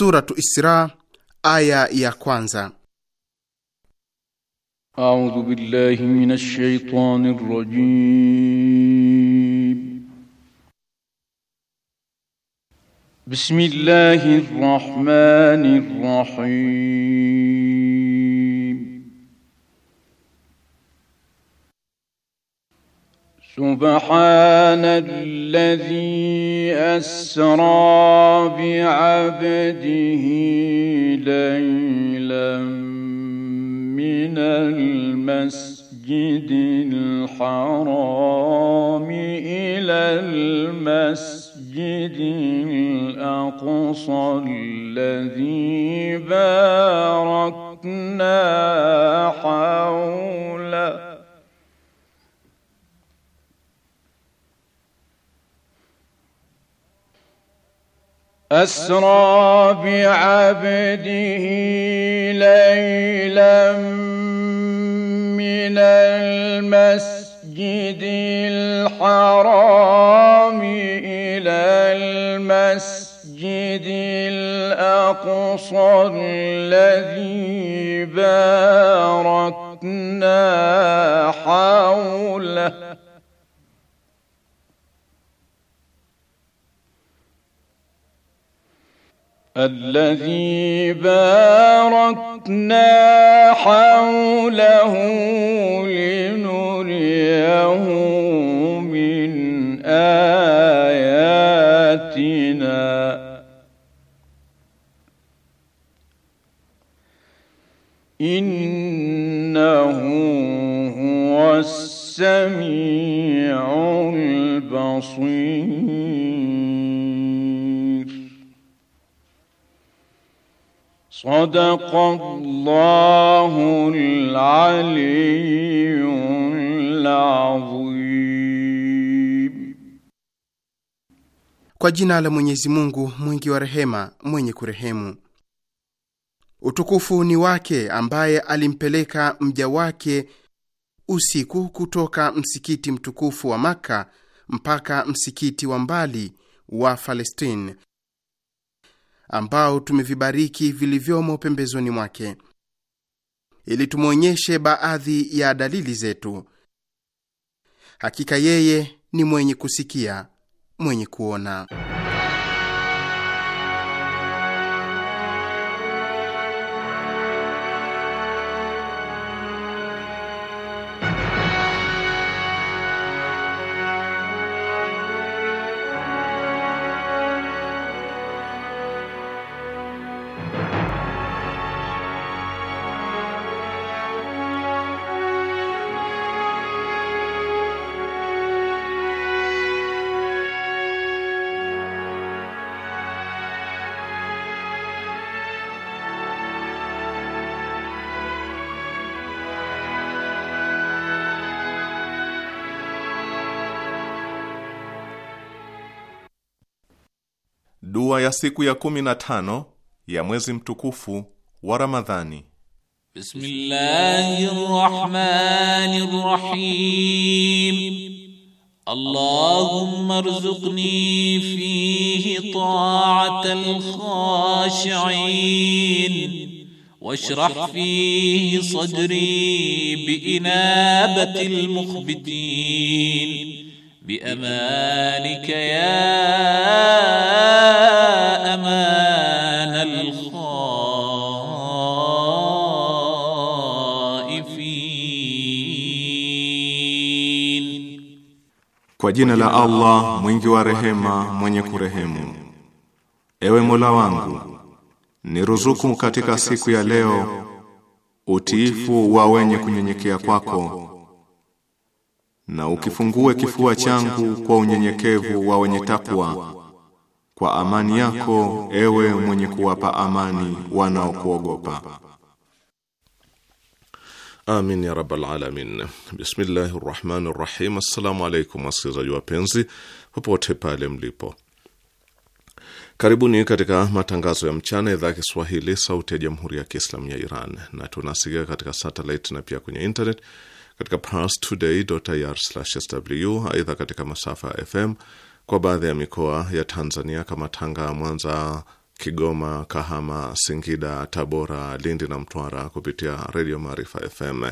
Suratu Isra aya ya kwanza. A'udhu billahi minash shaitani rrajim. Bismillahir rahmanir rahim. Subhanalladhi أسرى بعبده ليلا من المسجد الحرام إلى المسجد الأقصى الذي باركنا حوله أسرى بعبده ليلا من المسجد الحرام إلى المسجد الأقصى الذي باركنا حوله الذي باركنا حوله لنريه من آياتنا إنه هو السميع البصير صدق الله العلي العظيم Kwa jina la Mwenyezi Mungu mwingi wa rehema mwenye kurehemu. Utukufu ni wake ambaye alimpeleka mja wake usiku kutoka msikiti mtukufu wa Makka mpaka msikiti wa mbali wa Palestine ambao tumevibariki vilivyomo pembezoni mwake ili tumwonyeshe baadhi ya dalili zetu. Hakika yeye ni mwenye kusikia, mwenye kuona. siku ya kumi na tano ya mwezi mtukufu wa Ramadhani. Bismillahirrahmanirrahim. Allahumma rzuqni fihi ta'atal khashi'in واشرح فيه صدري بإنابة المخبتين بأمانك يا الرحمن الخائفين kwa jina la Allah mwingi wa rehema mwenye kurehemu. Ewe Mola wangu, niruzuku katika siku ya leo utiifu wa wenye kunyenyekea kwako na ukifungue kifua changu kwa unyenyekevu wa wenye takwa kwa amani yako ewe mwenye kuwapa amani wanaokuogopa. Amin ya rabbal alamin. Bismillahi rahmani rahim. Assalamu alaikum wasikilizaji wapenzi popote pale mlipo, karibuni katika matangazo ya mchana, idhaa ya Kiswahili sauti ya jamhuri ya Kiislamu ya Iran, na tunasikia katika satellite na pia kwenye internet katika parstoday.ir/sw, aidha katika masafa ya FM kwa baadhi ya mikoa ya Tanzania kama Tanga, Mwanza, Kigoma, Kahama, Singida, Tabora, Lindi na Mtwara kupitia Redio Maarifa FM.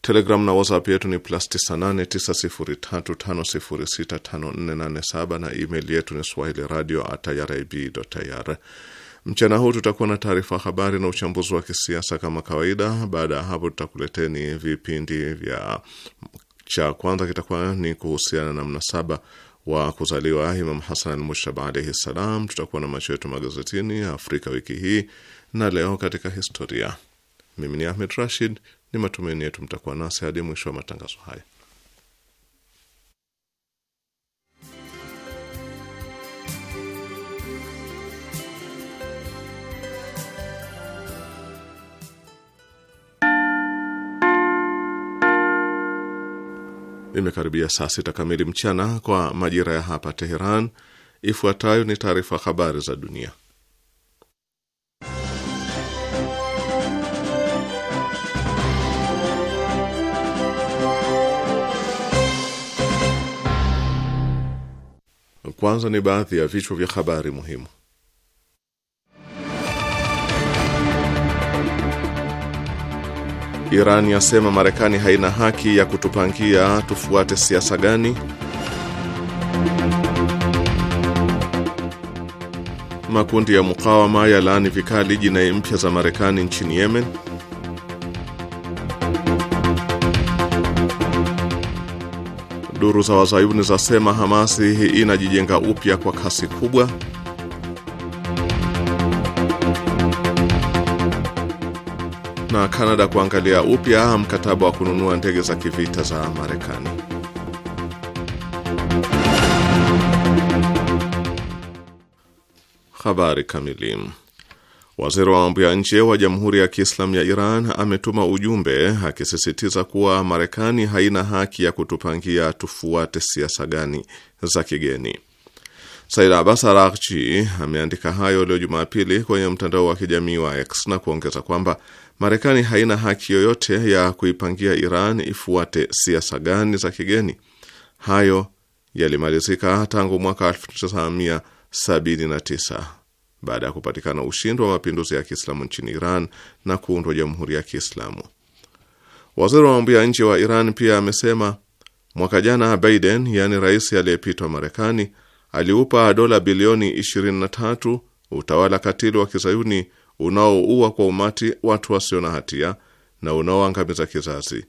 Telegram na WhatsApp yetu ni plus 989035065487 na email yetu ni swahili radio irib.ir. Mchana huu tutakuwa na taarifa habari na uchambuzi wa kisiasa kama kawaida. Baada ya hapo, tutakuleteni vipindi vya cha kwanza kitakuwa ni kuhusiana na mnasaba wa kuzaliwa Imam Hasan Mushab alaihi ssalam. Tutakuwa na macho yetu magazetini ya Afrika wiki hii na leo katika historia. Mimi ni Ahmed Rashid, ni matumaini yetu mtakuwa nasi hadi mwisho wa matangazo haya. Imekaribia saa sita kamili mchana kwa majira ya hapa Teheran. Ifuatayo ni taarifa habari za dunia. Kwanza ni baadhi ya vichwa vya habari muhimu. Iran yasema Marekani haina haki ya kutupangia tufuate siasa gani. Makundi ya mukawama yalaani vikali jinai mpya za Marekani nchini Yemen. Duru za wazayuni zasema Hamasi inajijenga upya kwa kasi kubwa. na Kanada kuangalia upya mkataba wa kununua ndege za kivita za Marekani. Habari kamili. Waziri wa mambo ya nje wa Jamhuri ya Kiislamu ya Iran ametuma ujumbe akisisitiza kuwa Marekani haina haki ya kutupangia tufuate siasa gani za kigeni. Said Abbas Araghchi ameandika hayo leo Jumapili kwenye mtandao wa kijamii wa X na kuongeza kwamba Marekani haina haki yoyote ya kuipangia Iran ifuate siasa gani za kigeni. Hayo yalimalizika tangu mwaka 1979 baada ya kupatikana ushindi wa mapinduzi ya Kiislamu nchini Iran na kuundwa jamhuri ya Kiislamu. Waziri wa mambo ya nje wa Iran pia amesema mwaka jana Biden, yaani rais aliyepitwa Marekani, aliupa dola bilioni 23 utawala katili wa kizayuni unaoua kwa umati watu wasio na hatia na unaoangamiza kizazi.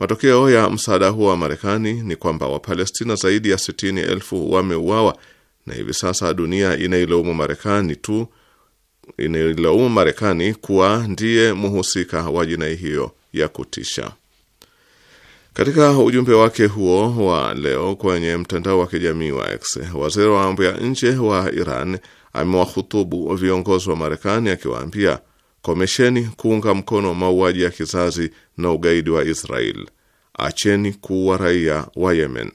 Matokeo ya msaada huo wa Marekani ni kwamba Wapalestina zaidi ya sitini elfu wameuawa na hivi sasa dunia inailaumu Marekani tu, inailaumu Marekani kuwa ndiye mhusika wa jinai hiyo ya kutisha. Katika ujumbe wake huo wa leo kwenye mtandao wa kijamii wa X, waziri wa mambo ya nje wa Iran amewahutubu viongozi wa Marekani akiwaambia, komesheni kuunga mkono mauaji ya kizazi na ugaidi wa Israel, acheni kuua raia wa Yemen.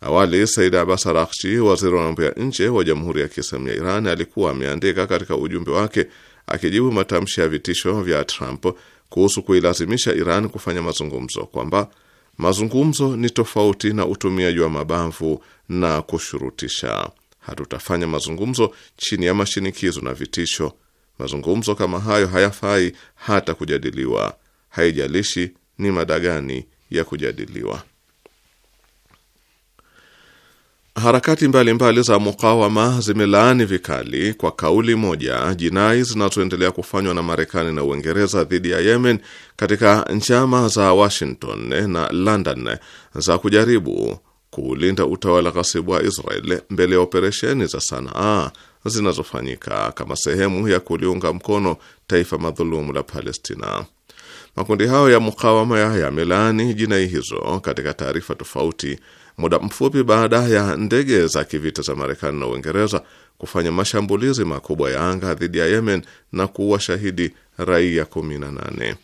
Awali Said Abbas Araghchi, waziri wa mambo ya nje wa Jamhuri ya Kiislamu ya Iran, alikuwa ameandika katika ujumbe wake akijibu matamshi ya vitisho vya Trump kuhusu kuilazimisha Iran kufanya mazungumzo kwamba mazungumzo ni tofauti na utumiaji wa mabavu na kushurutisha hatutafanya mazungumzo chini ya mashinikizo na vitisho. Mazungumzo kama hayo hayafai hata kujadiliwa, haijalishi ni mada gani ya kujadiliwa. Harakati mbalimbali mbali za mukawama zimelaani vikali kwa kauli moja jinai zinazoendelea kufanywa na Marekani na Uingereza dhidi ya Yemen katika njama za Washington na London za kujaribu kuulinda utawala ghasibu wa Israel mbele ya operesheni za Sanaa zinazofanyika kama sehemu ya kuliunga mkono taifa madhulumu la Palestina. Makundi hayo ya mukawama yamelaani jinai hizo katika taarifa tofauti, muda mfupi baada ya ndege za kivita za Marekani na Uingereza kufanya mashambulizi makubwa ya anga dhidi ya Yemen na kuua shahidi raia 18.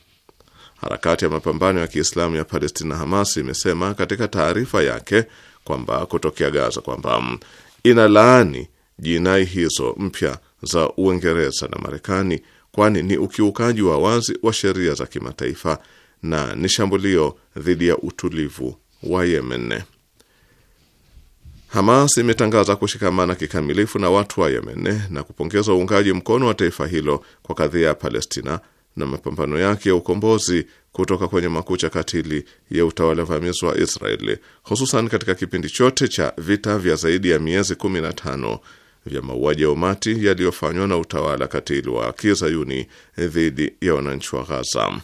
Harakati ya mapambano ya Kiislamu ya Palestina, Hamas, imesema katika taarifa yake kwamba kutokea Gaza kwamba ina laani jinai hizo mpya za Uingereza na Marekani, kwani ni ukiukaji wa wazi wa sheria za kimataifa na ni shambulio dhidi ya utulivu wa Yemen. Hamas imetangaza kushikamana kikamilifu na watu wa Yemen na kupongeza uungaji mkono wa taifa hilo kwa kadhia ya Palestina na mapambano yake ya ukombozi kutoka kwenye makucha katili ya utawala vamizi wa Israeli, hususan katika kipindi chote cha vita vya zaidi ya miezi 15 vya mauaji ya umati yaliyofanywa na utawala katili wa kizayuni dhidi ya wananchi wa Ghaza.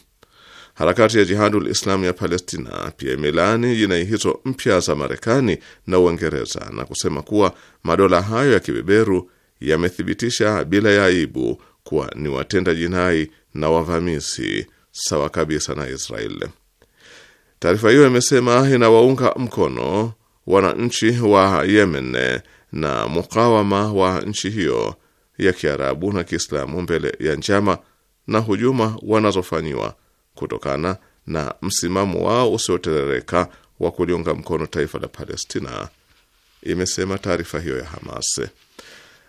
Harakati ya Jihadul Islamu ya Palestina pia imelaani jinai hizo mpya za Marekani na Uingereza na kusema kuwa madola hayo ya kibeberu yamethibitisha bila ya aibu kuwa ni watenda jinai na wavamizi sawa kabisa na Israel. Taarifa hiyo imesema inawaunga mkono wananchi wa Yemen na mukawama wa nchi hiyo ya Kiarabu na Kiislamu mbele ya njama na hujuma wanazofanyiwa kutokana na msimamo wao usioterereka wa kuliunga mkono taifa la Palestina, imesema taarifa hiyo ya Hamas.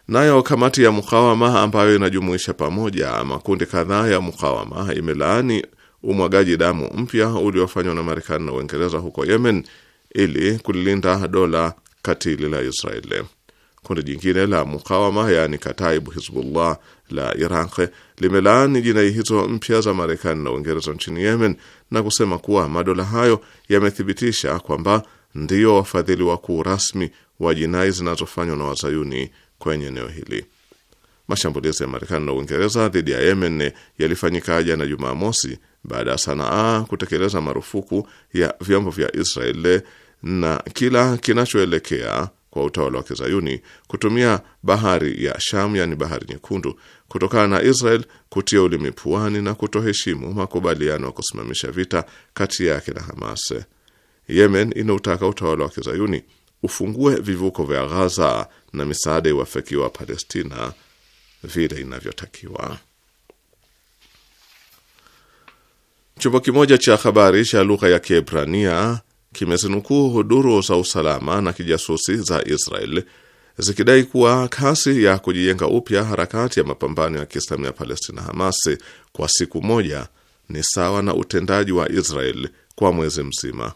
Nayo kamati ya mukawama ambayo inajumuisha pamoja makundi kadhaa ya mukawama imelaani umwagaji damu mpya uliofanywa na Marekani na Uingereza huko Yemen ili kulilinda dola katili la Israeli. Kundi jingine la mukawama yaani Kataibu Hizbullah la Iraq limelaani jinai hizo mpya za Marekani na Uingereza nchini Yemen na kusema kuwa madola hayo yamethibitisha kwamba ndiyo wafadhili wakuu rasmi wa jinai zinazofanywa na wazayuni kwenye eneo hili. Mashambulizi ya Marekani na Uingereza dhidi ya Yemen yalifanyika jana Jumamosi baada ya Sanaa kutekeleza marufuku ya vyombo vya israel na kila kinachoelekea kwa utawala wa kizayuni kutumia bahari ya Sham, yani bahari nyekundu, kutokana na Israel kutia ulimi puani na kutoheshimu makubaliano ya kusimamisha vita kati yake na Hamas. Yemen inautaka utawala wa kizayuni ufungue vivuko vya Ghaza na misaada wa Palestina vile inavyotakiwa. Chombo kimoja cha habari cha lugha ya Kiebrania kimezinukuu huduru za usalama na kijasusi za Israel zikidai kuwa kasi ya kujijenga upya harakati ya mapambano ya Kiislamu ya Palestina, hamas kwa siku moja ni sawa na utendaji wa Israel kwa mwezi mzima.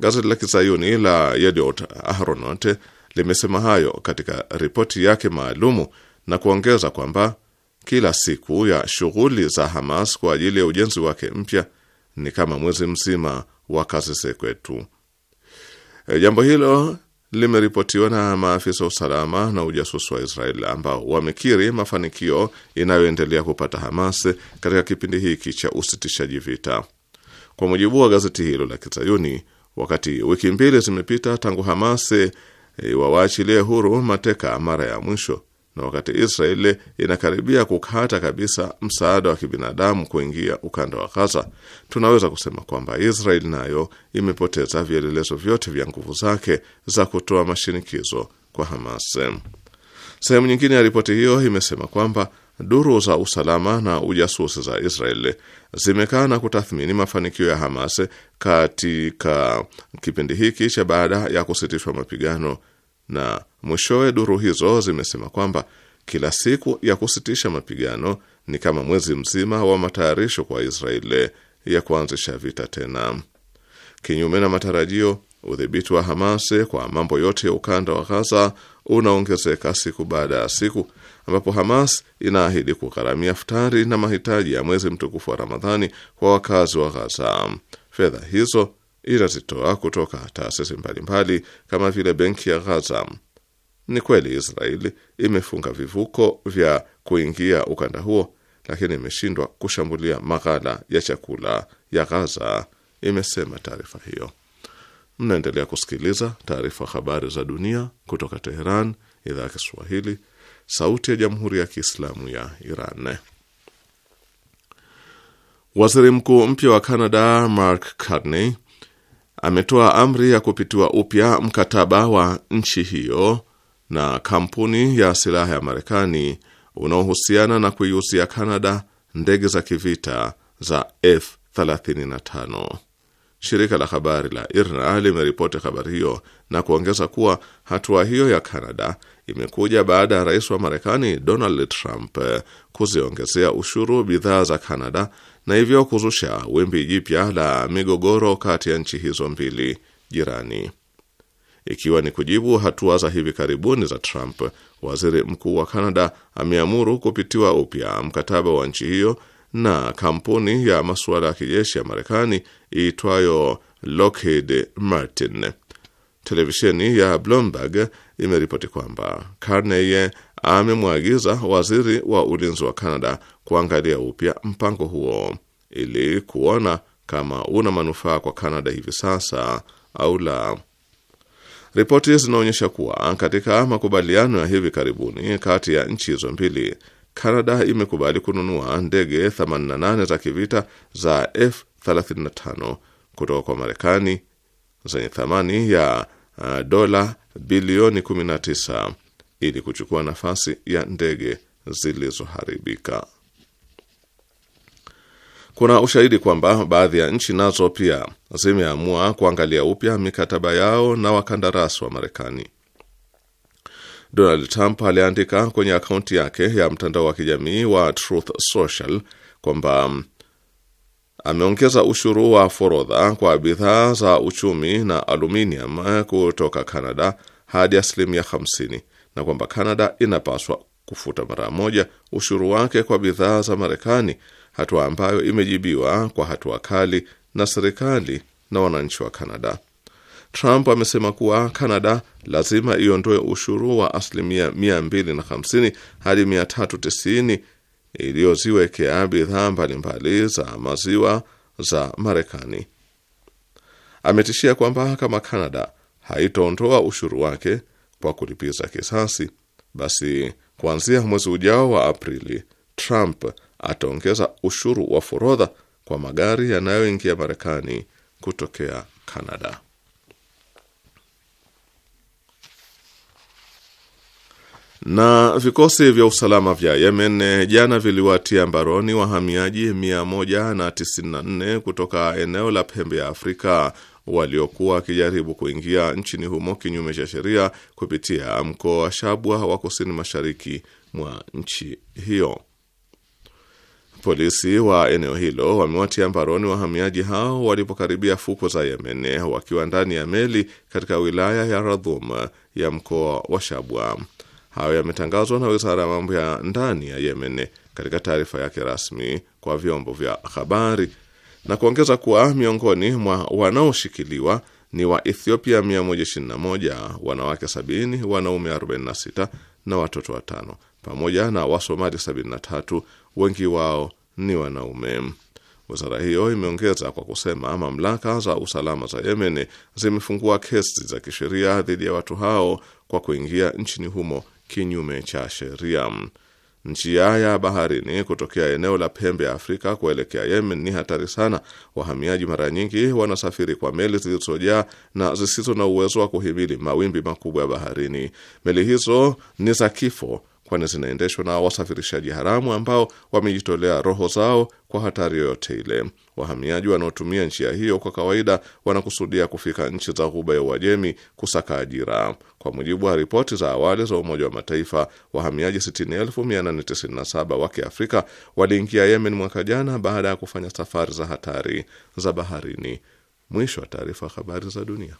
Gazeti la kizayuni la Yediot Ahronot limesema hayo katika ripoti yake maalumu na kuongeza kwamba kila siku ya shughuli za Hamas kwa ajili ya ujenzi wake mpya ni kama mwezi mzima wa kazi zekwetu. E, jambo hilo limeripotiwa na maafisa wa usalama na ujasusi wa Israel ambao wamekiri mafanikio inayoendelea kupata Hamas katika kipindi hiki cha usitishaji vita. Kwa mujibu wa gazeti hilo la Kizayuni, Wakati wiki mbili zimepita tangu Hamasi iwawaachilie huru mateka mara ya mwisho, na wakati Israeli inakaribia kukata kabisa msaada wa kibinadamu kuingia ukanda wa Gaza, tunaweza kusema kwamba Israeli nayo imepoteza vielelezo vyote vya nguvu zake za kutoa mashinikizo kwa Hamas. Sehemu nyingine ya ripoti hiyo imesema kwamba Duru za usalama na ujasusi za israeli zimekaa na kutathmini mafanikio ya Hamas katika kipindi hiki cha baada ya kusitishwa mapigano, na mwishowe duru hizo zimesema kwamba kila siku ya kusitisha mapigano ni kama mwezi mzima wa matayarisho kwa israeli ya kuanzisha vita tena. Kinyume na matarajio, udhibiti wa Hamas kwa mambo yote ya ukanda wa Ghaza unaongezeka siku baada ya siku ambapo Hamas inaahidi kugharamia futari na mahitaji ya mwezi mtukufu wa Ramadhani kwa wakazi wa Ghaza. Fedha hizo inazitoa kutoka taasisi mbalimbali kama vile benki ya Ghaza. Ni kweli Israeli imefunga vivuko vya kuingia ukanda huo, lakini imeshindwa kushambulia maghala ya chakula ya Ghaza, imesema taarifa hiyo. Mnaendelea kusikiliza taarifa habari za dunia kutoka Teheran, idhaa ya Kiswahili, sauti ya jamhuri ya kiislamu ya Iran. Waziri mkuu mpya wa Canada Mark Carney ametoa amri ya kupitiwa upya mkataba wa nchi hiyo na kampuni ya silaha ya Marekani unaohusiana na kuiuzia Canada ndege za kivita za F35. Shirika la habari la IRNA limeripoti habari hiyo na kuongeza kuwa hatua hiyo ya Canada imekuja baada ya rais wa Marekani Donald Trump eh, kuziongezea ushuru bidhaa za Canada na hivyo kuzusha wimbi jipya la migogoro kati ya nchi hizo mbili jirani. Ikiwa ni kujibu hatua za hivi karibuni za Trump, waziri mkuu wa Canada ameamuru kupitiwa upya mkataba wa nchi hiyo na kampuni ya masuala ya kijeshi ya Marekani iitwayo Lockheed Martin. Televisheni ya Bloomberg imeripoti kwamba Carney amemwagiza waziri wa ulinzi wa Canada kuangalia upya mpango huo ili kuona kama una manufaa kwa Canada hivi sasa au la. Ripoti zinaonyesha kuwa katika makubaliano ya hivi karibuni kati ya nchi hizo mbili, Canada imekubali kununua ndege 88 za kivita za F35 kutoka kwa Marekani zenye thamani ya uh, dola bilioni 19 ili kuchukua nafasi ya ndege zilizoharibika. Kuna ushahidi kwamba baadhi ya nchi nazo pia zimeamua kuangalia upya mikataba yao na wakandarasi wa Marekani. Donald Trump aliandika kwenye akaunti yake ya mtandao wa kijamii wa Truth Social kwamba ameongeza ushuru wa forodha kwa bidhaa za uchumi na aluminium kutoka Canada hadi asilimia 50 na kwamba Canada inapaswa kufuta mara moja ushuru wake kwa bidhaa za Marekani, hatua ambayo imejibiwa kwa hatua kali na serikali na wananchi wa Canada. Trump amesema kuwa Canada lazima iondoe ushuru wa asilimia 250 hadi 390 iliyoziwekea bidhaa mbalimbali za maziwa za Marekani. Ametishia kwamba kama Kanada haitaondoa ushuru wake kwa kulipiza kisasi, basi kuanzia mwezi ujao wa Aprili, Trump ataongeza ushuru wa forodha kwa magari yanayoingia Marekani kutokea Kanada. Na vikosi vya usalama vya Yemen jana viliwatia mbaroni wahamiaji 194 kutoka eneo la pembe ya Afrika waliokuwa wakijaribu kuingia nchini humo kinyume cha sheria kupitia mkoa wa Shabwa wa kusini mashariki mwa nchi hiyo. Polisi wa eneo hilo wamewatia mbaroni wahamiaji hao walipokaribia fuko za Yemen wakiwa ndani ya meli katika wilaya ya Radhum ya mkoa wa Shabwa. Hayo yametangazwa na wizara ya mambo ya ndani ya Yemen katika taarifa yake rasmi kwa vyombo vya habari na kuongeza kuwa miongoni mwa wanaoshikiliwa ni wa Ethiopia 121, wanawake 70, wanaume 46 na watoto watano, pamoja na Wasomali 73, wengi wao ni wanaume. Wizara hiyo imeongeza kwa kusema mamlaka za usalama za Yemen zimefungua kesi za kisheria dhidi ya watu hao kwa kuingia nchini humo kinyume cha sheria. Njia ya baharini kutokea eneo la pembe ya Afrika kuelekea Yemen ni hatari sana. Wahamiaji mara nyingi wanasafiri kwa meli zilizojaa na zisizo na uwezo wa kuhimili mawimbi makubwa ya baharini. Meli hizo ni za kifo kwani zinaendeshwa na wasafirishaji haramu ambao wamejitolea roho zao kwa hatari yoyote ile. Wahamiaji wanaotumia njia hiyo kwa kawaida wanakusudia kufika nchi za Ghuba ya Uajemi kusaka ajira. Kwa mujibu wa ripoti za awali za Umoja wa Mataifa, wahamiaji 60,897 wa Kiafrika waliingia Yemen mwaka jana baada ya kufanya safari za hatari za baharini. Mwisho wa taarifa. Habari za dunia.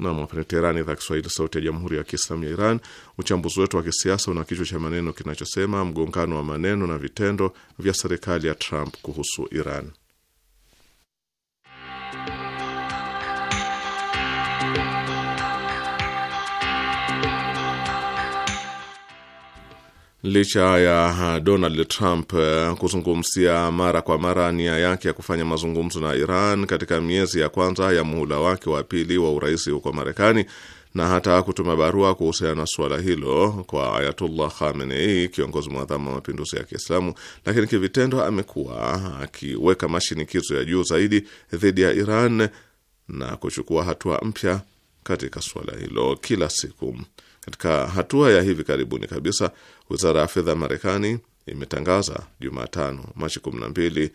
Nam hapa Teherani, idhaa Kiswahili, sauti ya jamhuri ya kiislamu ya Iran. Uchambuzi wetu wa kisiasa una kichwa cha maneno kinachosema mgongano wa maneno na vitendo vya serikali ya Trump kuhusu Iran. Licha ya Donald Trump eh, kuzungumzia mara kwa mara nia yake ya kufanya mazungumzo na Iran katika miezi ya kwanza ya muhula wake wa pili wa urais huko Marekani na hata kutuma barua kuhusiana na suala hilo kwa Ayatullah Khamenei, kiongozi mwadhamu wa mapinduzi ya Kiislamu, lakini kivitendo amekuwa akiweka mashinikizo ya juu zaidi dhidi ya Iran na kuchukua hatua mpya katika suala hilo kila siku. Katika hatua ya hivi karibuni kabisa, Wizara ya fedha ya Marekani imetangaza Jumatano, Machi 12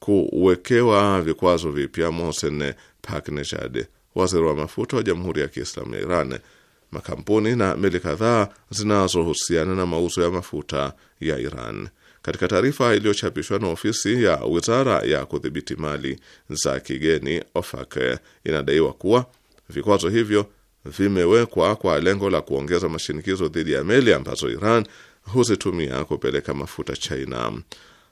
kuwekewa vikwazo vipya Mohsen Paknejad, waziri wa mafuta wa Jamhuri ya Kiislamu ya Iran, makampuni na meli kadhaa zinazohusiana na mauzo ya mafuta ya Iran. Katika taarifa iliyochapishwa na ofisi ya wizara ya kudhibiti mali za kigeni OFAC, inadaiwa kuwa vikwazo hivyo vimewekwa kwa lengo la kuongeza mashinikizo dhidi ya meli ambazo Iran huzitumia kupeleka mafuta China.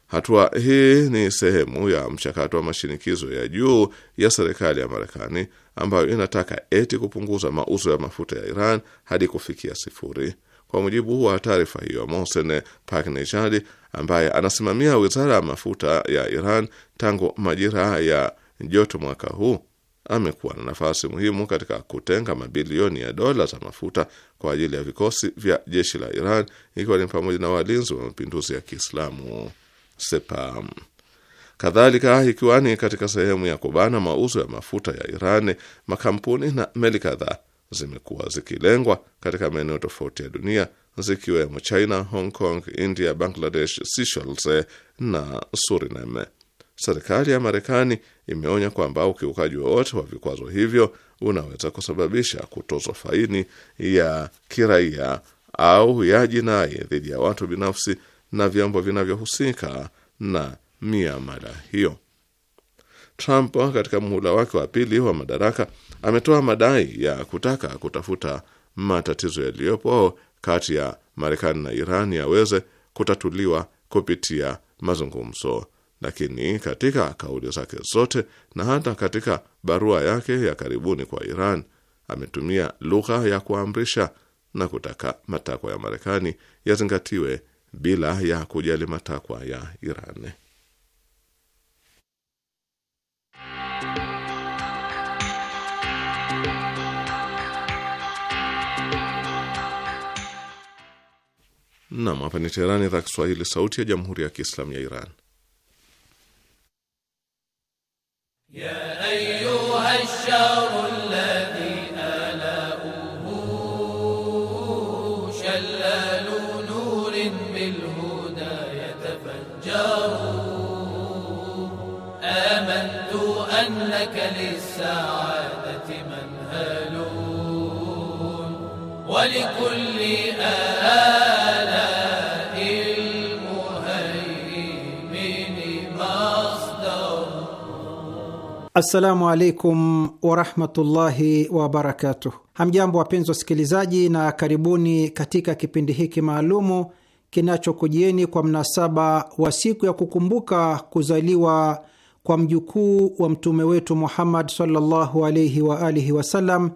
Hatua hii ni sehemu ya mchakato wa mashinikizo ya juu ya serikali ya Marekani ambayo inataka eti kupunguza mauzo ya mafuta ya Iran hadi kufikia sifuri. Kwa mujibu wa taarifa hiyo, Mohsen Paknejad ambaye anasimamia wizara ya mafuta ya Iran tangu majira ya joto mwaka huu amekuwa na nafasi muhimu katika kutenga mabilioni ya dola za mafuta kwa ajili ya vikosi vya jeshi la Iran, ikiwa ni pamoja na walinzi wa mapinduzi ya Kiislamu Sepam. Kadhalika, ikiwa ni katika sehemu ya kubana mauzo ya mafuta ya Iran, makampuni na meli kadhaa zimekuwa zikilengwa katika maeneo tofauti ya dunia zikiwemo China, Hong Kong, India, Bangladesh, Seychelles na Suriname. Serikali ya Marekani imeonya kwamba ukiukaji wowote wa vikwazo hivyo unaweza kusababisha kutozwa faini ya kiraia au ya jinai dhidi ya watu binafsi na vyombo vinavyohusika na miamala hiyo. Trump katika muhula wake wa pili wa madaraka ametoa madai ya kutaka kutafuta matatizo yaliyopo kati ya Marekani na Iran yaweze kutatuliwa kupitia mazungumzo lakini katika kauli zake zote na hata katika barua yake ya karibuni kwa Iran ametumia lugha ya kuamrisha na kutaka matakwa ya Marekani yazingatiwe bila ya kujali matakwa ya Iran. Nam, hapa ni Teherani, idhaa Kiswahili, sauti ya jamhuri ya kiislamu ya Iran. يا أيها الشر الذي آلاؤه شلال نور بالهدى يتفجر آمنت أنك للسعادة منهل ولكل Assalamu alaikum warahmatullahi wabarakatuh. Hamjambo wapenzi wasikilizaji, na karibuni katika kipindi hiki maalumu kinachokujieni kwa mnasaba wa siku ya kukumbuka kuzaliwa kwa mjukuu wa mtume wetu Muhammad sallallahu alaihi wa alihi wasallam,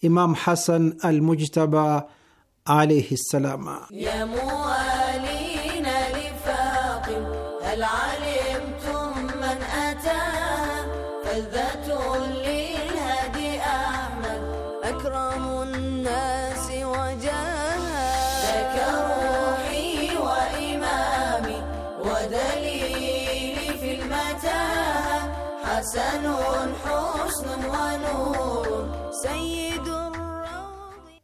Imam Hasan Almujtaba alaihi ssalam. لذة للهدي أحمد أكرم الناس وجاها لك روحي وإمامي ودليلي في المتاهة حسن حسن ونور سيد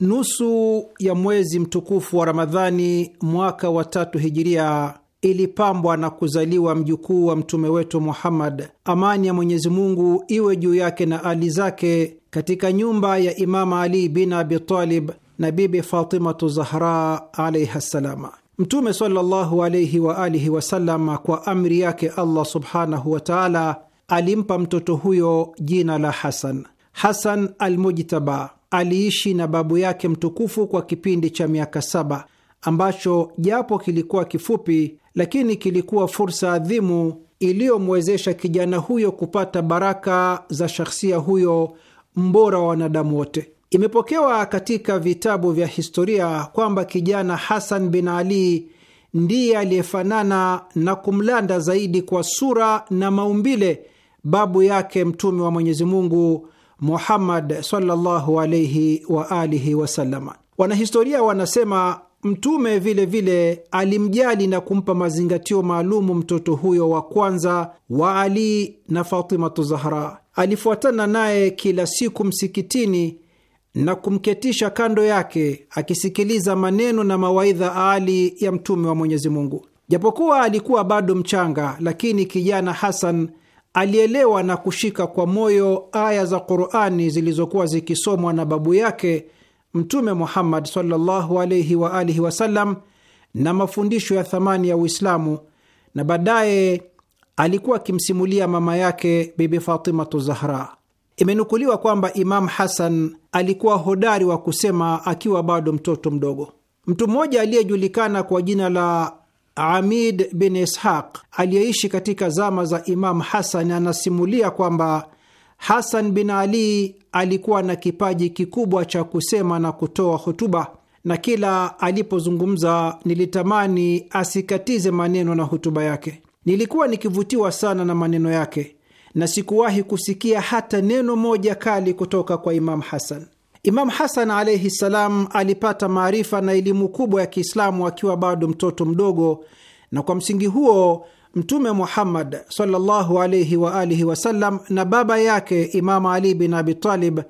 Nusu ya mwezi mtukufu wa Ramadhani mwaka wa tatu hijiria ilipambwa na kuzaliwa mjukuu wa mtume wetu Muhammad, amani ya Mwenyezi Mungu iwe juu yake na ali zake, katika nyumba ya Imama Ali bin Abi Talib na Bibi Fatimatu Zahra alaiha ssalama. Mtume sallallahu alaihi wa alihi wasallam, kwa amri yake Allah subhanahu wa taala, alimpa mtoto huyo jina la Hasan, Hasan Almujtaba. Aliishi na babu yake mtukufu kwa kipindi cha miaka saba ambacho japo kilikuwa kifupi lakini kilikuwa fursa adhimu iliyomwezesha kijana huyo kupata baraka za shakhsia huyo mbora wa wanadamu wote. Imepokewa katika vitabu vya historia kwamba kijana Hasan bin Ali ndiye aliyefanana na kumlanda zaidi kwa sura na maumbile babu yake Mtume wa Mwenyezi Mungu Muhammad sallallahu alaihi wa alihi wasalama. Wanahistoria wanasema Mtume vilevile vile alimjali na kumpa mazingatio maalumu mtoto huyo wa kwanza wa Ali na Fatimatu Zahra. Alifuatana naye kila siku msikitini na kumketisha kando yake akisikiliza maneno na mawaidha Ali ya Mtume wa Mwenyezi Mungu. Japokuwa alikuwa bado mchanga, lakini kijana Hasan alielewa na kushika kwa moyo aya za Qurani zilizokuwa zikisomwa na babu yake Mtume Muhammad sallallahu alaihi wa alihi wasallam na mafundisho ya thamani ya Uislamu, na baadaye alikuwa akimsimulia mama yake Bibi Fatimatu Zahra. Imenukuliwa kwamba Imam Hasan alikuwa hodari wa kusema akiwa bado mtoto mdogo. Mtu mmoja aliyejulikana kwa jina la Amid bin Ishaq aliyeishi katika zama za Imam Hasan anasimulia kwamba Hasan bin Ali alikuwa na kipaji kikubwa cha kusema na kutoa hotuba, na kila alipozungumza nilitamani asikatize maneno na hotuba yake. Nilikuwa nikivutiwa sana na maneno yake na sikuwahi kusikia hata neno moja kali kutoka kwa Imam Hasan. Imam Hasan alaihi ssalam alipata maarifa na elimu kubwa ya Kiislamu akiwa bado mtoto mdogo, na kwa msingi huo Mtume Muhammad sallallahu alaihi wa alihi wasallam na baba yake Imamu Ali bin Abitalib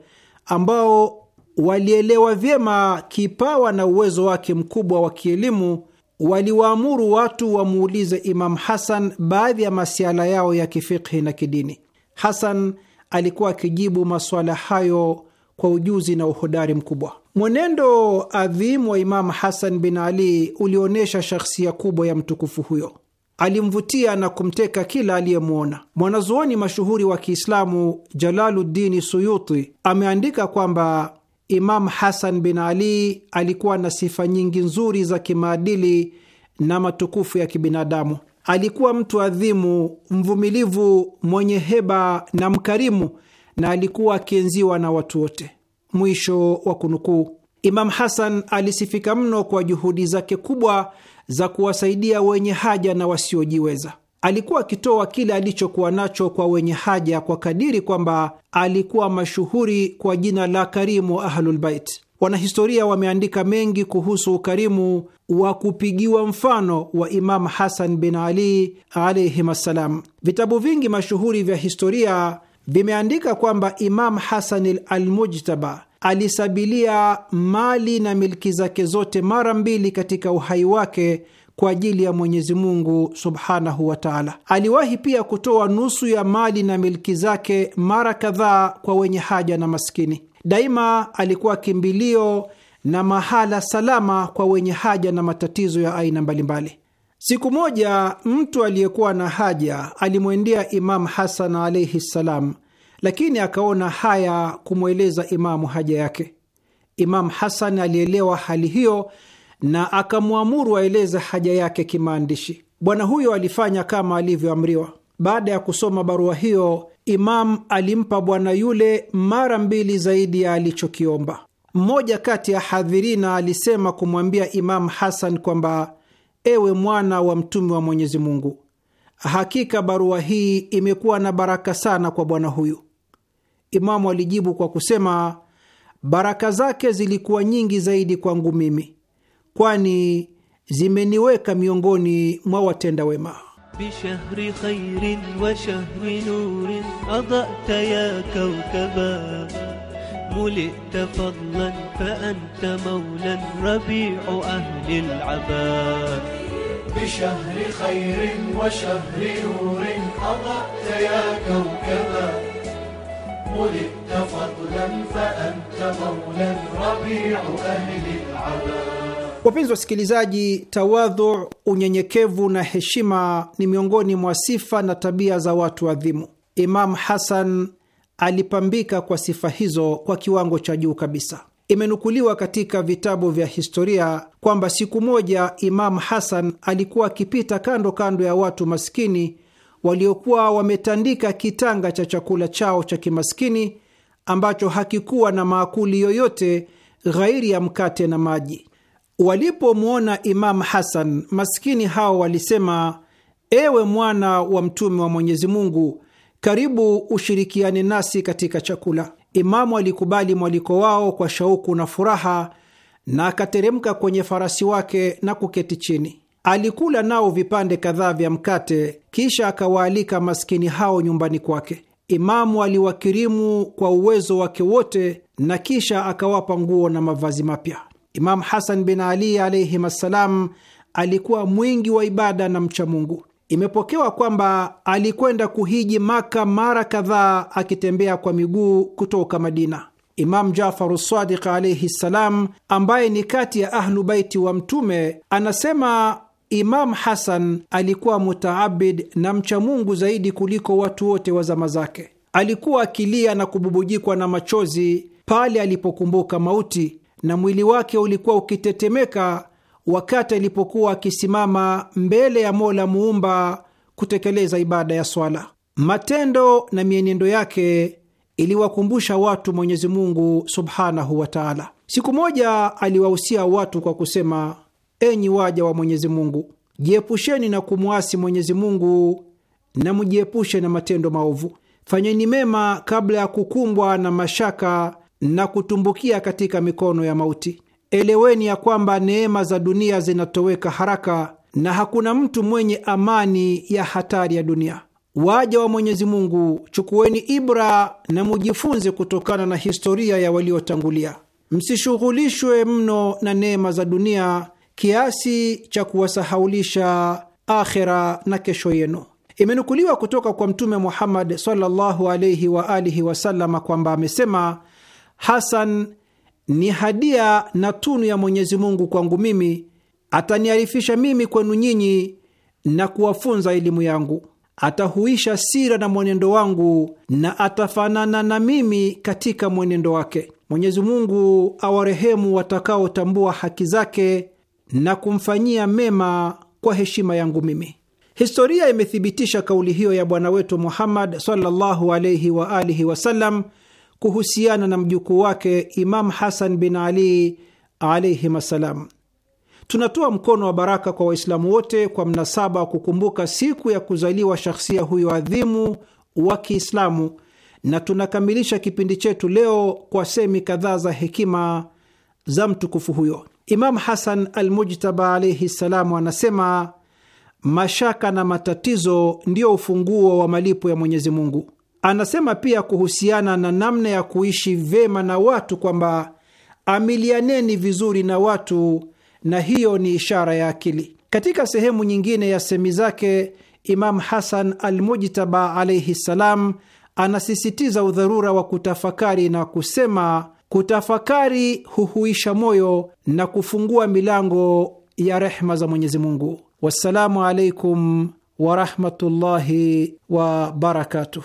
ambao walielewa vyema kipawa na uwezo wake mkubwa wa kielimu waliwaamuru watu wamuulize Imamu Hasan baadhi ya masiala yao ya kifikhi na kidini. Hasan alikuwa akijibu masuala hayo kwa ujuzi na uhodari mkubwa. Mwenendo adhimu wa Imamu Hasan bin Ali ulionyesha shakhsia kubwa ya mtukufu huyo alimvutia na kumteka kila aliyemwona. Mwanazuoni mashuhuri wa Kiislamu Jalaludini Suyuti ameandika kwamba Imam Hasan bin Ali alikuwa na sifa nyingi nzuri za kimaadili na matukufu ya kibinadamu. Alikuwa mtu adhimu, mvumilivu, mwenye heba na mkarimu, na alikuwa akienziwa na watu wote. Mwisho wa kunukuu. Imam Hasan alisifika mno kwa juhudi zake kubwa za kuwasaidia wenye haja na wasiojiweza. Alikuwa akitoa kile alichokuwa nacho kwa wenye haja kwa kadiri kwamba alikuwa mashuhuri kwa jina la Karimu Ahlulbait. Wanahistoria wameandika mengi kuhusu ukarimu wa kupigiwa mfano wa Imamu Hasan bin Ali alaihim assalam. Vitabu vingi mashuhuri vya historia vimeandika kwamba Imamu Hasan Almujtaba alisabilia mali na milki zake zote mara mbili katika uhai wake kwa ajili ya Mwenyezi Mungu subhanahu wa taala. Aliwahi pia kutoa nusu ya mali na milki zake mara kadhaa kwa wenye haja na maskini. Daima alikuwa kimbilio na mahala salama kwa wenye haja na matatizo ya aina mbalimbali. Siku moja mtu aliyekuwa na haja alimwendea Imamu Hasan alaihi ssalam lakini akaona haya kumweleza Imamu haja yake. Imamu Hasan alielewa hali hiyo na akamwamuru aeleze haja yake kimaandishi. Bwana huyo alifanya kama alivyoamriwa. Baada ya kusoma barua hiyo, Imamu alimpa bwana yule mara mbili zaidi ya alichokiomba. Mmoja kati ya hadhirina alisema kumwambia Imamu Hasan kwamba ewe mwana wa mtume wa Mwenyezi Mungu, hakika barua hii imekuwa na baraka sana kwa bwana huyu. Imamu alijibu kwa kusema, baraka zake zilikuwa nyingi zaidi kwangu mimi, kwani zimeniweka miongoni mwa watenda wema. bishahri khairin wa shahri nurin ya fadlan fa anta maulan rabiu ahli bishahri khairin wa shahri nurin ya ولدت فضلا Wapenzi wasikilizaji, tawadhu, unyenyekevu na heshima ni miongoni mwa sifa na tabia za watu adhimu. Imam Hasan alipambika kwa sifa hizo kwa kiwango cha juu kabisa. Imenukuliwa katika vitabu vya historia kwamba siku moja Imam Hasan alikuwa akipita kando kando ya watu maskini waliokuwa wametandika kitanga cha chakula chao cha kimaskini ambacho hakikuwa na maakuli yoyote ghairi ya mkate na maji. Walipomwona Imam Hasan, maskini hao walisema, ewe mwana wa mtume wa Mwenyezi Mungu, karibu ushirikiane nasi katika chakula. Imamu alikubali mwaliko wao kwa shauku na furaha, na akateremka kwenye farasi wake na kuketi chini. Alikula nao vipande kadhaa vya mkate, kisha akawaalika maskini hao nyumbani kwake. Imamu aliwakirimu kwa uwezo wake wote na kisha akawapa nguo na mavazi mapya. Imamu Hasan bin Ali alaihim assalam alikuwa mwingi wa ibada na mcha Mungu. Imepokewa kwamba alikwenda kuhiji Maka mara kadhaa akitembea kwa miguu kutoka Madina. Imamu Jafaru Sadiq alaihi ssalam, ambaye ni kati ya Ahlu Baiti wa Mtume, anasema Imam Hasan alikuwa mutaabid na mcha Mungu zaidi kuliko watu wote wa zama zake. Alikuwa akilia na kububujikwa na machozi pale alipokumbuka mauti, na mwili wake ulikuwa ukitetemeka wakati alipokuwa akisimama mbele ya Mola Muumba kutekeleza ibada ya swala. Matendo na mienendo yake iliwakumbusha watu Mwenyezi Mungu subhanahu wa taala. Siku moja aliwahusia watu kwa kusema Enyi waja wa Mwenyezi Mungu, jiepusheni na kumwasi Mwenyezi Mungu na mjiepushe na matendo maovu. Fanyeni mema kabla ya kukumbwa na mashaka na kutumbukia katika mikono ya mauti. Eleweni ya kwamba neema za dunia zinatoweka haraka na hakuna mtu mwenye amani ya hatari ya dunia. Waja wa Mwenyezi Mungu, chukueni ibra na mujifunze kutokana na historia ya waliotangulia. Msishughulishwe mno na neema za dunia kiasi cha kuwasahaulisha akhera na kesho yenu. Imenukuliwa kutoka kwa Mtume Muhammad sallallahu alaihi wa alihi kwamba amesema, Hasan ni hadia na tunu ya Mwenyezi Mungu kwangu mimi, ataniarifisha mimi kwenu nyinyi na kuwafunza elimu yangu, atahuisha sira na mwenendo wangu na atafanana na mimi katika mwenendo wake. Mwenyezi Mungu awarehemu watakaotambua haki zake na kumfanyia mema kwa heshima yangu mimi. Historia imethibitisha kauli hiyo ya bwana wetu Muhammad sallallahu wa alihi wasallam kuhusiana na mjukuu wake Imam Hasan bin Ali alaihim assalam. Tunatoa mkono wa baraka kwa Waislamu wote kwa mnasaba wa kukumbuka siku ya kuzaliwa shakhsia huyo adhimu wa Kiislamu, na tunakamilisha kipindi chetu leo kwa semi kadhaa za hekima za mtukufu huyo. Imam Hasan Almujtaba alaihi ssalamu anasema mashaka na matatizo ndiyo ufunguo wa malipo ya Mwenyezi Mungu. Anasema pia kuhusiana na namna ya kuishi vyema na watu kwamba amilianeni vizuri na watu, na hiyo ni ishara ya akili. Katika sehemu nyingine ya semi zake, Imam Hasan Almujtaba alaihi ssalam anasisitiza udharura wa kutafakari na kusema Kutafakari huhuisha moyo na kufungua milango ya rehma za Mwenyezi Mungu. Wassalamu alaikum warahmatullahi wabarakatuh.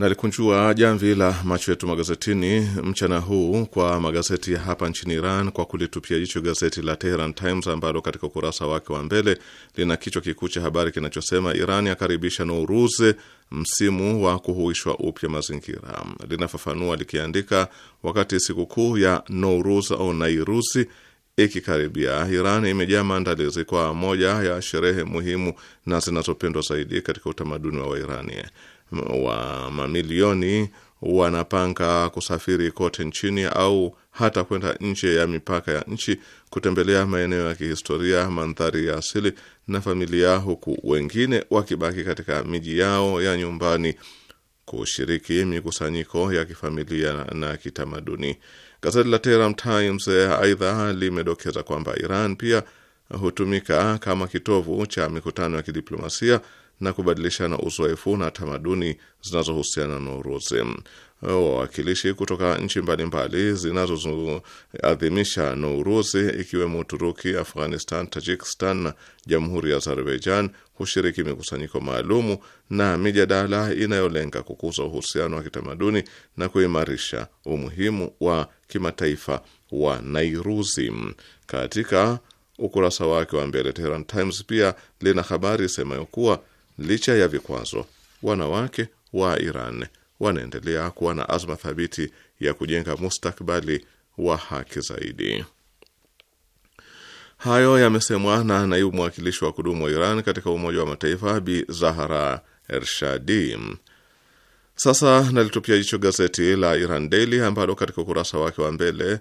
Nalikunjua jamvi la macho yetu magazetini mchana huu kwa magazeti ya hapa nchini Iran kwa kulitupia jicho gazeti la Teheran Times ambalo katika ukurasa wake wa mbele lina kichwa kikuu cha habari kinachosema Iran yakaribisha Nouruze, msimu wa kuhuishwa upya mazingira. Linafafanua likiandika, wakati sikukuu ya Nouruz au Nairuzi ikikaribia, Iran imejaa maandalizi kwa moja ya sherehe muhimu na zinazopendwa zaidi katika utamaduni wa Wairani wa mamilioni wanapanga kusafiri kote nchini au hata kwenda nje ya mipaka ya nchi kutembelea maeneo ya kihistoria, mandhari ya asili na familia, huku wengine wakibaki katika miji yao ya nyumbani kushiriki mikusanyiko ya kifamilia na kitamaduni. Gazeti la Tehran Times aidha limedokeza kwamba Iran pia hutumika kama kitovu cha mikutano ya kidiplomasia na kubadilishana uzoefu na tamaduni zinazohusiana na Urusi. Wawakilishi kutoka nchi mbalimbali zinazoadhimisha Nouruzi ikiwemo Uturuki, Afghanistan, Tajikistan na jamhuri ya Azerbaijan hushiriki mikusanyiko maalumu na mijadala inayolenga kukuza uhusiano wa kitamaduni na kuimarisha umuhimu wa kimataifa wa Nairuzi. Katika ukurasa wake wa mbele, Tehran Times pia lina habari isemayo kuwa licha ya vikwazo, wanawake wa Iran wanaendelea kuwa na azma thabiti ya kujenga mustakbali wa haki zaidi. Hayo yamesemwa na naibu mwakilishi wa kudumu wa Iran katika Umoja wa Mataifa Bi Zahara Ershadi. Sasa nalitupia jicho gazeti la Iran Daily ambalo katika ukurasa wake wa mbele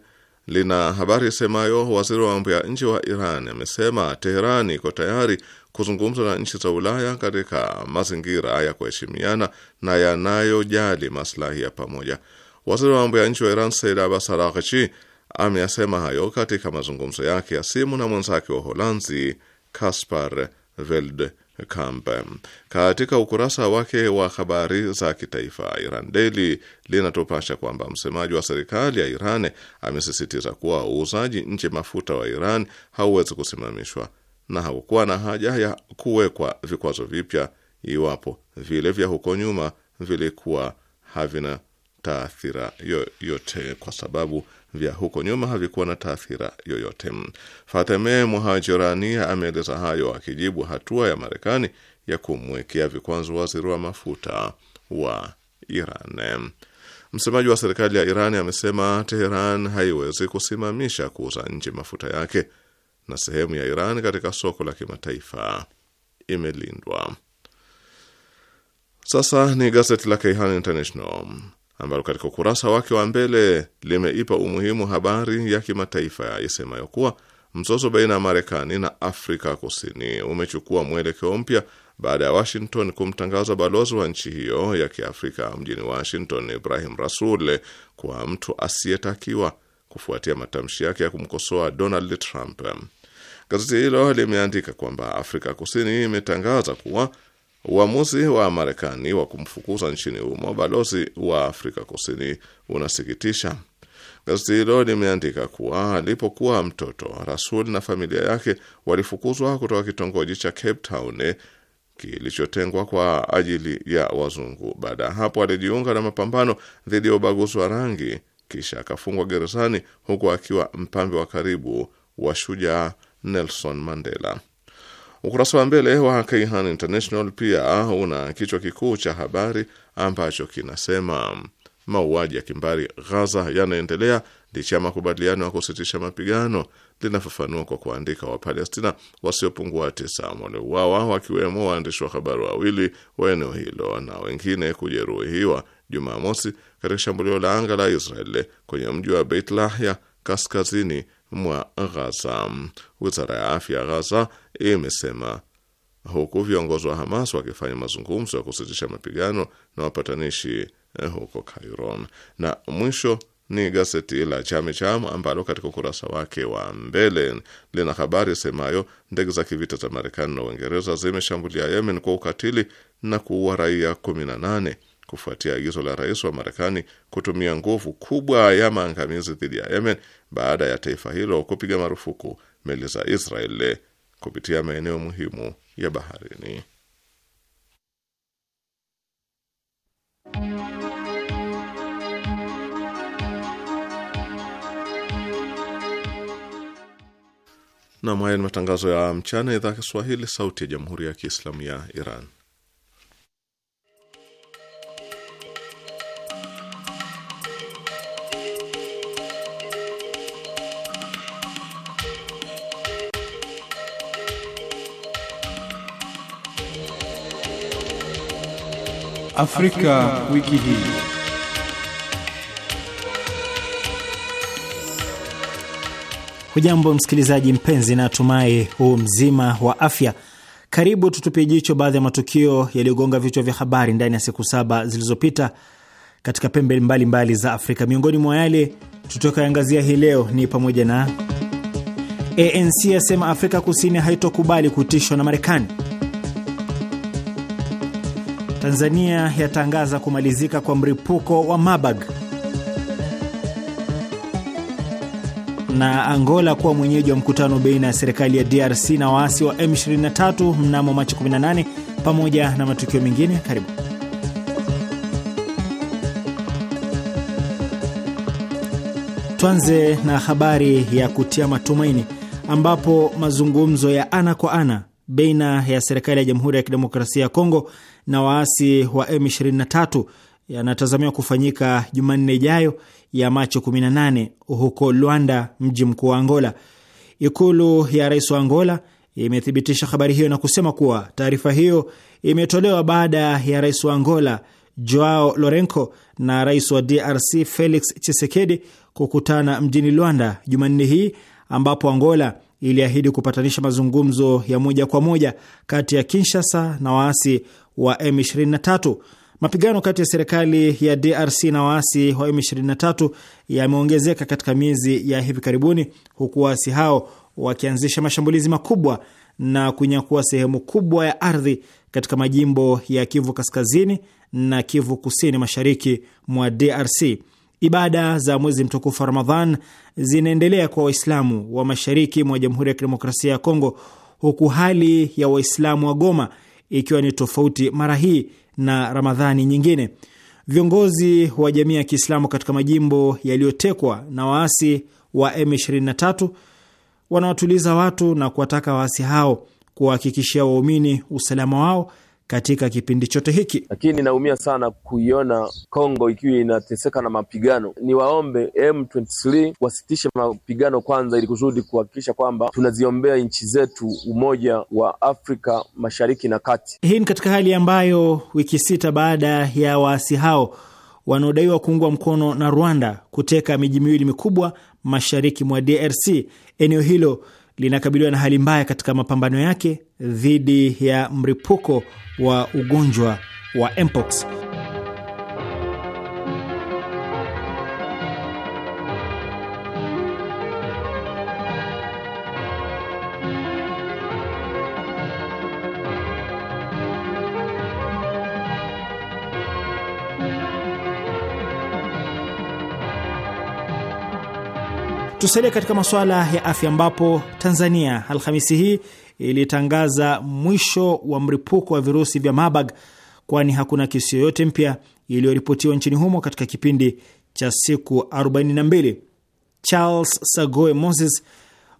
lina habari semayo waziri wa mambo ya nje wa Iran amesema Teherani iko tayari kuzungumza na nchi za Ulaya katika mazingira ya kuheshimiana na yanayojali maslahi ya pamoja. Waziri wa mambo ya nje wa Iran Said Abbas Araghchi ameyasema hayo katika mazungumzo yake ya simu na mwenzake wa Uholanzi kaspar Velde Kamb. Katika ukurasa wake wa habari za kitaifa, Iran Daily linatupasha kwamba msemaji wa serikali ya Iran amesisitiza kuwa uuzaji nje mafuta wa Iran hauwezi kusimamishwa na hakukuwa na haja ya kuwekwa vikwazo vipya iwapo vile vya huko nyuma vilikuwa havina taathira yoyote, kwa sababu vya huko nyuma havikuwa na taathira yoyote. Fateme Muhajirani ameeleza hayo akijibu hatua ya Marekani ya kumwekea vikwazo waziri wa mafuta wa Iran. Msemaji wa serikali ya Iran amesema Teheran haiwezi kusimamisha kuuza nje mafuta yake na sehemu ya Iran katika soko la kimataifa imelindwa. Sasa ni gazeti la Kayhan International ambalo katika ukurasa wake wa mbele limeipa umuhimu habari ya kimataifa isemayo kuwa mzozo baina ya Marekani na Afrika Kusini umechukua mwelekeo mpya baada ya Washington kumtangaza balozi wa nchi hiyo ya Kiafrika mjini Washington, Ibrahim rasul kwa mtu asiyetakiwa kufuatia matamshi yake ya kumkosoa Donald Trump. Gazeti hilo limeandika kwamba Afrika Kusini imetangaza kuwa Uamuzi wa Marekani wa kumfukuza nchini humo balozi wa Afrika Kusini unasikitisha. Gazeti hilo limeandika kuwa alipokuwa mtoto, Rasul na familia yake walifukuzwa kutoka kitongoji cha Cape Town kilichotengwa kwa ajili ya wazungu. Baada ya hapo, alijiunga na mapambano dhidi ya ubaguzi wa rangi, kisha akafungwa gerezani, huku akiwa mpambe wa karibu wa shujaa Nelson Mandela. Ukurasa wa mbele wa Kayhan International pia una kichwa kikuu cha habari ambacho kinasema mauaji ya kimbari Ghaza yanaendelea licha ya makubaliano ya kusitisha mapigano. Linafafanua kwa kuandika, Wapalestina wasiopungua tisa waliuawa wakiwemo waandishi wa habari wawili wa eneo hilo na wengine kujeruhiwa Jumamosi katika shambulio la anga la Israeli kwenye mji wa Beit Lahya kaskazini mwa Ghaza. Wizara ya afya ya Ghaza imesema huku viongozi wa Hamas wakifanya mazungumzo ya kusitisha mapigano na wapatanishi eh, huko Cairo. Na mwisho ni gazeti la Chame ambalo katika ukurasa wake wa mbele lina habari semayo ndege za kivita za Marekani na Uingereza zimeshambulia Yemen kwa ukatili na kuua raia 18 kufuatia agizo la rais wa Marekani kutumia nguvu kubwa ya maangamizi dhidi ya Yemen baada ya taifa hilo kupiga marufuku meli za Israel kupitia maeneo muhimu ya baharini. Nam, haya ni matangazo ya mchana, idhaa Kiswahili, sauti ya jamhuri ya kiislamu ya Iran. Afrika, wiki hii. Hujambo msikilizaji mpenzi, na atumai huu mzima wa afya. Karibu tutupie jicho baadhi ya matukio yaliyogonga vichwa vya habari ndani ya siku saba zilizopita katika pembe mbalimbali mbali za Afrika. Miongoni mwa yale tutakayoangazia hii leo ni pamoja na ANC yasema Afrika Kusini haitokubali kutishwa na Marekani. Tanzania yatangaza kumalizika kwa mripuko wa Marburg, na Angola kuwa mwenyeji wa mkutano baina ya serikali ya DRC na waasi wa M23 mnamo Machi 18, pamoja na matukio mengine. Karibu. Tuanze na habari ya kutia matumaini ambapo mazungumzo ya ana kwa ana baina ya serikali ya Jamhuri ya Kidemokrasia ya Kongo na waasi wa M23 yanatazamiwa kufanyika Jumanne ijayo ya Machi 18 huko Luanda, mji mkuu wa Angola. Ikulu ya rais wa Angola imethibitisha habari hiyo na kusema kuwa taarifa hiyo imetolewa baada ya rais wa Angola Joao Lorenco na rais wa DRC Felix Tshisekedi kukutana mjini Luanda Jumanne hii ambapo Angola iliahidi kupatanisha mazungumzo ya moja kwa moja kati ya Kinshasa na waasi wa M23. Mapigano kati ya serikali ya DRC na waasi wa M23 yameongezeka katika miezi ya hivi karibuni, huku waasi hao wakianzisha mashambulizi makubwa na kunyakua sehemu kubwa ya ardhi katika majimbo ya Kivu Kaskazini na Kivu Kusini mashariki mwa DRC. Ibada za mwezi mtukufu wa Ramadhan zinaendelea kwa Waislamu wa mashariki mwa Jamhuri ya Kidemokrasia ya Kongo, huku hali ya Waislamu wa Goma ikiwa ni tofauti mara hii na Ramadhani nyingine. Viongozi wa jamii ya Kiislamu katika majimbo yaliyotekwa na waasi wa M23 wanawatuliza watu na kuwataka waasi hao kuwahakikishia waumini usalama wao katika kipindi chote hiki, lakini naumia sana kuiona Kongo ikiwa inateseka na mapigano. Niwaombe M23 wasitishe mapigano kwanza, ili kusudi kuhakikisha kwamba tunaziombea nchi zetu umoja wa Afrika Mashariki na Kati. Hii ni katika hali ambayo wiki sita baada ya waasi hao wanaodaiwa kuungwa mkono na Rwanda kuteka miji miwili mikubwa mashariki mwa DRC, eneo hilo linakabiliwa na hali mbaya katika mapambano yake dhidi ya mripuko wa ugonjwa wa mpox. Tusalie katika masuala ya afya, ambapo Tanzania Alhamisi hii ilitangaza mwisho wa mlipuko wa virusi vya Marburg, kwani hakuna kesi yoyote mpya iliyoripotiwa nchini humo katika kipindi cha siku 42. Charles Sagoe Moses,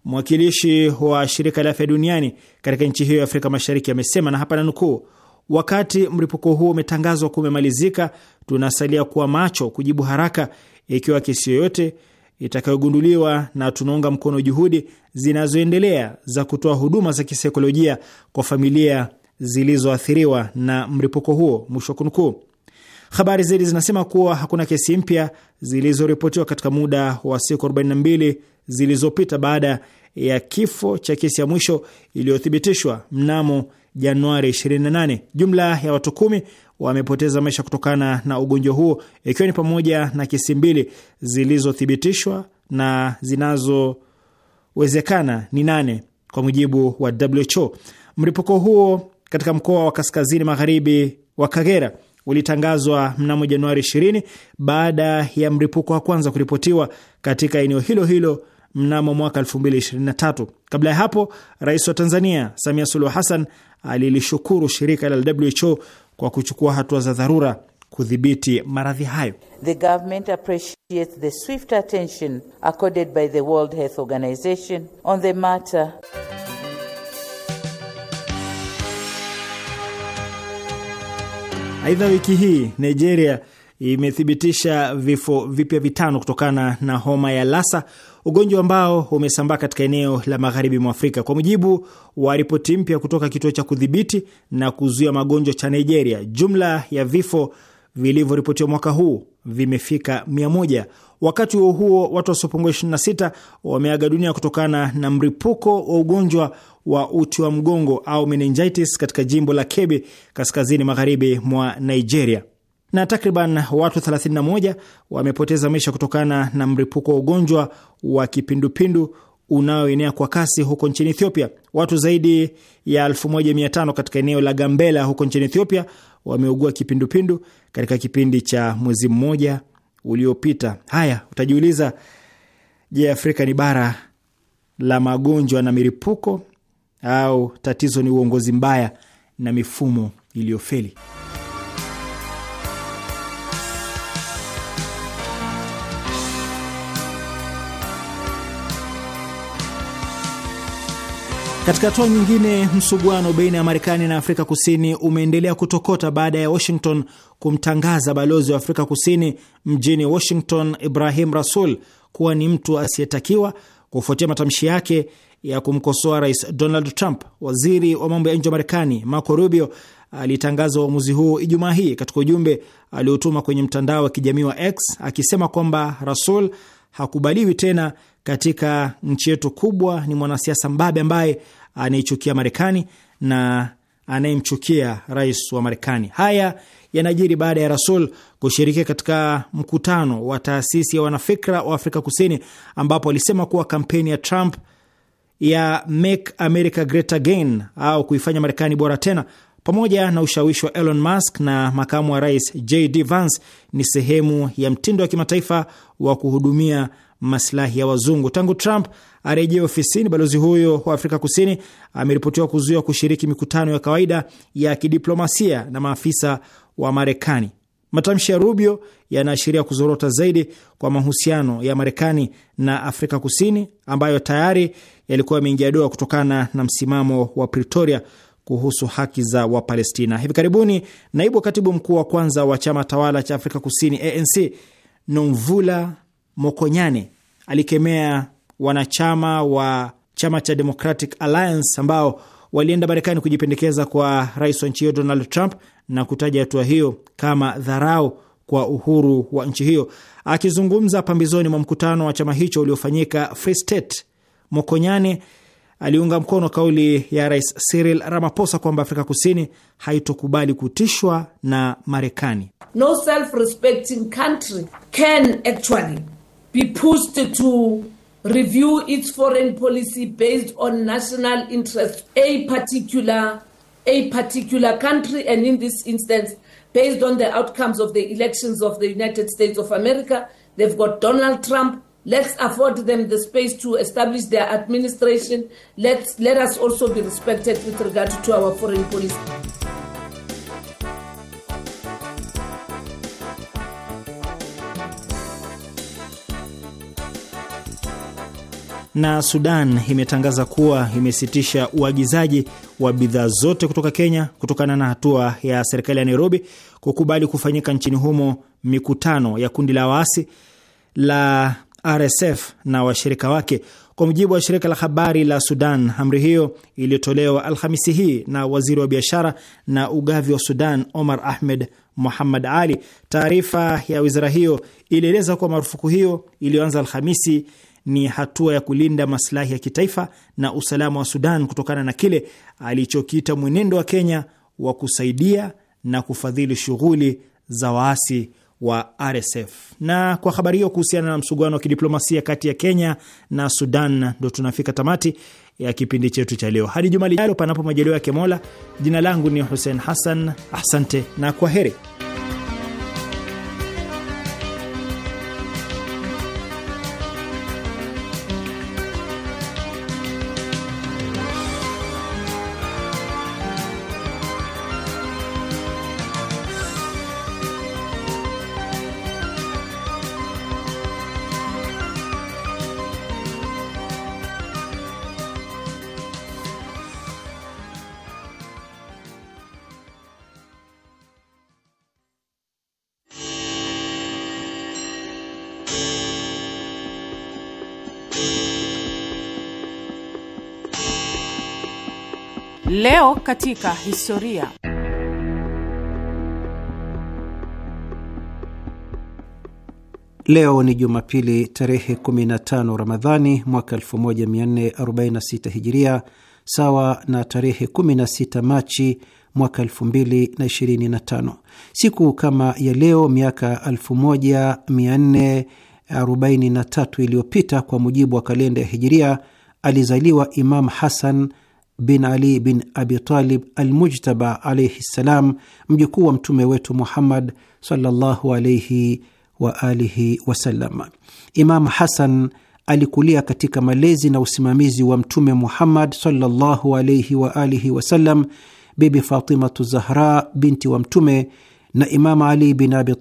mwakilishi wa shirika la afya duniani katika nchi hiyo ya Afrika Mashariki, amesema na hapa nukuu: wakati mlipuko huo umetangazwa kumemalizika, tunasalia kuwa macho kujibu haraka ikiwa kesi yoyote itakayogunduliwa na tunaunga mkono juhudi zinazoendelea za kutoa huduma za kisaikolojia kwa familia zilizoathiriwa na mlipuko huo, mwisho kunukuu. Habari zaidi zinasema kuwa hakuna kesi mpya zilizoripotiwa katika muda wa siku 42 zilizopita baada ya kifo cha kesi ya mwisho iliyothibitishwa mnamo Januari 28. Jumla ya watu kumi wamepoteza maisha kutokana na ugonjwa huo, ikiwa ni pamoja na kesi mbili zilizothibitishwa na zinazowezekana ni nane kwa mujibu wa WHO. Mlipuko huo katika mkoa wa kaskazini magharibi wa Kagera ulitangazwa mnamo Januari 20 baada ya mlipuko wa kwanza kuripotiwa katika eneo hilo hilo mnamo mwaka 2023. Kabla ya hapo, Rais wa Tanzania Samia Suluhu Hassan alilishukuru shirika la WHO kwa kuchukua hatua za dharura kudhibiti maradhi hayo. The government appreciates the swift attention accorded by the World Health Organization on the matter. Aidha, wiki hii Nigeria imethibitisha vifo vipya vitano kutokana na homa ya Lassa ugonjwa ambao umesambaa katika eneo la magharibi mwa Afrika. Kwa mujibu wa ripoti mpya kutoka kituo cha kudhibiti na kuzuia magonjwa cha Nigeria, jumla ya vifo vilivyoripotiwa mwaka huu vimefika 100. Wakati huo huo, watu wasiopungua 26 wameaga dunia kutokana na mlipuko wa ugonjwa wa uti wa mgongo au meningitis katika jimbo la Kebbi kaskazini magharibi mwa Nigeria na takriban watu 31 wamepoteza maisha kutokana na mlipuko wa ugonjwa wa kipindupindu unaoenea kwa kasi huko nchini Ethiopia. Watu zaidi ya 1500 katika eneo la Gambela huko nchini Ethiopia wameugua kipindupindu katika kipindi cha mwezi mmoja uliopita. Haya, utajiuliza, je, Afrika ni bara la magonjwa na milipuko au tatizo ni uongozi mbaya na mifumo iliyofeli? Katika hatua nyingine, msuguano baina ya Marekani na Afrika Kusini umeendelea kutokota baada ya Washington kumtangaza balozi wa Afrika Kusini mjini Washington, Ibrahim Rasul, kuwa ni mtu asiyetakiwa kufuatia matamshi yake ya kumkosoa Rais Donald Trump. Waziri wa mambo ya nje wa Marekani Marco Rubio alitangaza uamuzi huo Ijumaa hii katika ujumbe aliotuma kwenye mtandao wa kijamii wa X akisema kwamba Rasul hakubaliwi tena katika nchi yetu kubwa. Ni mwanasiasa mbabe ambaye anayechukia Marekani na anayemchukia rais wa Marekani. Haya yanajiri baada ya Rasul kushiriki katika mkutano wa taasisi ya wanafikra wa Afrika Kusini, ambapo alisema kuwa kampeni ya Trump ya Make America Great Again au kuifanya Marekani bora tena, pamoja na ushawishi wa Elon Musk na makamu wa rais JD Vance, ni sehemu ya mtindo wa kimataifa wa kuhudumia maslahi ya wazungu. Tangu Trump arejea ofisini, balozi huyo wa Afrika Kusini ameripotiwa kuzuia kushiriki mikutano ya kawaida ya kidiplomasia na maafisa wa Marekani. Matamshi ya Rubio yanaashiria kuzorota zaidi kwa mahusiano ya Marekani na Afrika Kusini ambayo tayari yalikuwa yameingia doa kutokana na msimamo wa Pretoria kuhusu haki za Wapalestina. Hivi karibuni naibu katibu mkuu wa kwanza wa chama tawala cha Afrika Kusini ANC Nomvula Mokonyane alikemea wanachama wa chama cha Democratic Alliance ambao walienda Marekani kujipendekeza kwa rais wa nchi hiyo Donald Trump na kutaja hatua hiyo kama dharau kwa uhuru wa nchi hiyo. Akizungumza pambizoni mwa mkutano wa chama hicho uliofanyika Free State, Mokonyane aliunga mkono kauli ya rais Cyril Ramaphosa kwamba Afrika Kusini haitokubali kutishwa na Marekani. No self-respecting country can actually be pushed to review its foreign policy based on national interest, a particular, a particular country, and in this instance, based on the outcomes of the elections of the United States of America. They've got Donald Trump. Let's afford them the space to establish their administration. Let's, let us also be respected with regard to our foreign policy. na Sudan imetangaza kuwa imesitisha uagizaji wa bidhaa zote kutoka Kenya kutokana na hatua ya serikali ya Nairobi kukubali kufanyika nchini humo mikutano ya kundi la waasi la RSF na washirika wake. Kwa mujibu wa shirika la habari la Sudan, amri hiyo iliyotolewa Alhamisi hii na waziri wa biashara na ugavi wa Sudan, Omar Ahmed Muhammad Ali. Taarifa ya wizara hiyo ilieleza kuwa marufuku hiyo iliyoanza Alhamisi ni hatua ya kulinda masilahi ya kitaifa na usalama wa Sudan kutokana na kile alichokiita mwenendo wa Kenya wa kusaidia na kufadhili shughuli za waasi wa RSF. Na kwa habari hiyo kuhusiana na msuguano wa kidiplomasia kati ya Kenya na Sudan, ndo tunafika tamati ya kipindi chetu cha leo. Hadi juma lijalo, panapo majaliwa yake Mola. Jina langu ni Hussein Hassan, asante na kwa heri. katika historia. Leo ni Jumapili tarehe 15 Ramadhani mwaka 1446 Hijiria, sawa na tarehe 16 Machi mwaka 2025. Siku kama ya leo miaka 1443 iliyopita, kwa mujibu wa kalenda ya Hijiria, alizaliwa Imam Hasan bin Ali bin abitalib Talib Almujtaba alaihi ssalam, mjukuu wa mtume wetu Muhammad sallallahu alaihi wa wasallam. Imam Hasan alikulia katika malezi na usimamizi wa mtume Muhammad sallallahu alaihi wa wasallam, Bibi Fatimatu Zahra binti wa mtume na Imam Ali bin Abi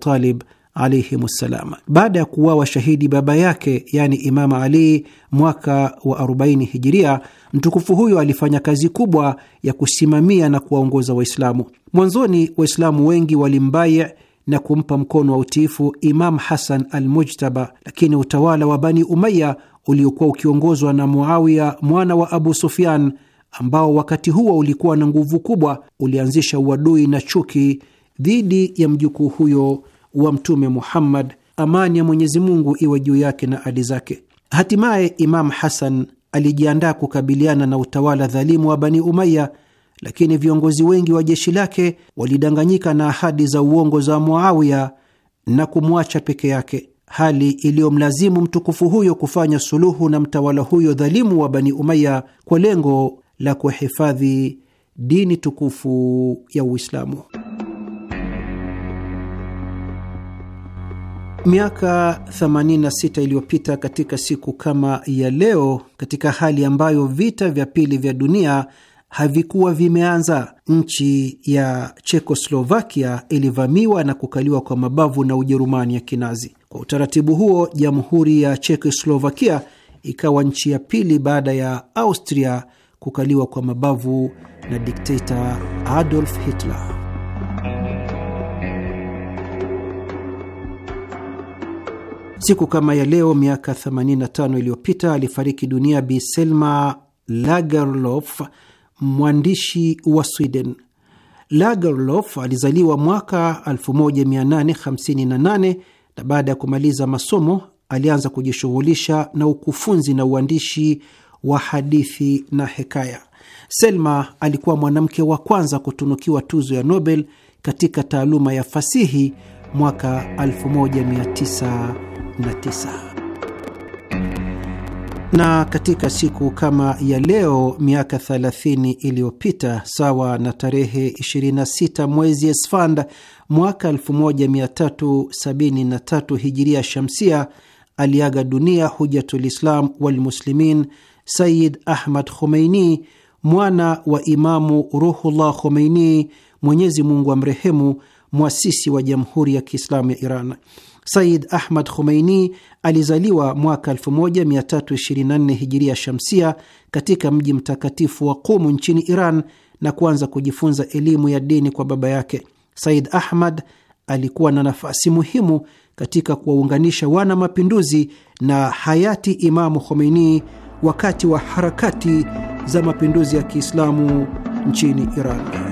alaihimussalam. Baada ya kuuawa shahidi baba yake, yani Imamu Ali, mwaka wa 40 hijiria, mtukufu huyo alifanya kazi kubwa ya kusimamia na kuwaongoza Waislamu. Mwanzoni Waislamu wengi walimbaye na kumpa mkono wa utiifu Imam Hasan Almujtaba, lakini utawala wa Bani Umaya uliokuwa ukiongozwa na Muawiya mwana wa Abu Sufyan, ambao wakati huo ulikuwa na nguvu kubwa, ulianzisha uadui na chuki dhidi ya mjukuu huyo wa Mtume Muhammad, amani ya Mwenyezi Mungu iwe juu yake na ali zake. Hatimaye Imam Hasan alijiandaa kukabiliana na utawala dhalimu wa Bani Umaya, lakini viongozi wengi wa jeshi lake walidanganyika na ahadi za uongo za Muawiya na kumwacha peke yake, hali iliyomlazimu mtukufu huyo kufanya suluhu na mtawala huyo dhalimu wa Bani Umaya kwa lengo la kuhifadhi dini tukufu ya Uislamu. Miaka 86 iliyopita katika siku kama ya leo, katika hali ambayo vita vya pili vya dunia havikuwa vimeanza, nchi ya Chekoslovakia ilivamiwa na kukaliwa kwa mabavu na Ujerumani ya Kinazi. Kwa utaratibu huo, jamhuri ya Chekoslovakia ikawa nchi ya pili baada ya Austria kukaliwa kwa mabavu na dikteta Adolf Hitler. Siku kama ya leo miaka 85 iliyopita alifariki dunia Bi Selma Lagerlof, mwandishi wa Sweden. Lagerlof alizaliwa mwaka 1858 na baada ya kumaliza masomo alianza kujishughulisha na ukufunzi na uandishi wa hadithi na hekaya. Selma alikuwa mwanamke wa kwanza kutunukiwa tuzo ya Nobel katika taaluma ya fasihi mwaka 1900 na katika siku kama ya leo miaka 30 iliyopita, sawa na tarehe 26 mwezi Esfand mwaka 1373 hijiria shamsia, aliaga dunia Hujatul Islam Walmuslimin Sayid Ahmad Khomeini, mwana wa Imamu Ruhullah Khomeini, Mwenyezi Mungu amrehemu, mwasisi wa Jamhuri ya Kiislamu ya Iran. Said Ahmad Khomeini alizaliwa mwaka 1324 hijiria shamsia katika mji mtakatifu wa Qumu nchini Iran na kuanza kujifunza elimu ya dini kwa baba yake. Said Ahmad alikuwa na nafasi muhimu katika kuwaunganisha wana mapinduzi na hayati Imamu Khomeini wakati wa harakati za mapinduzi ya Kiislamu nchini Iran.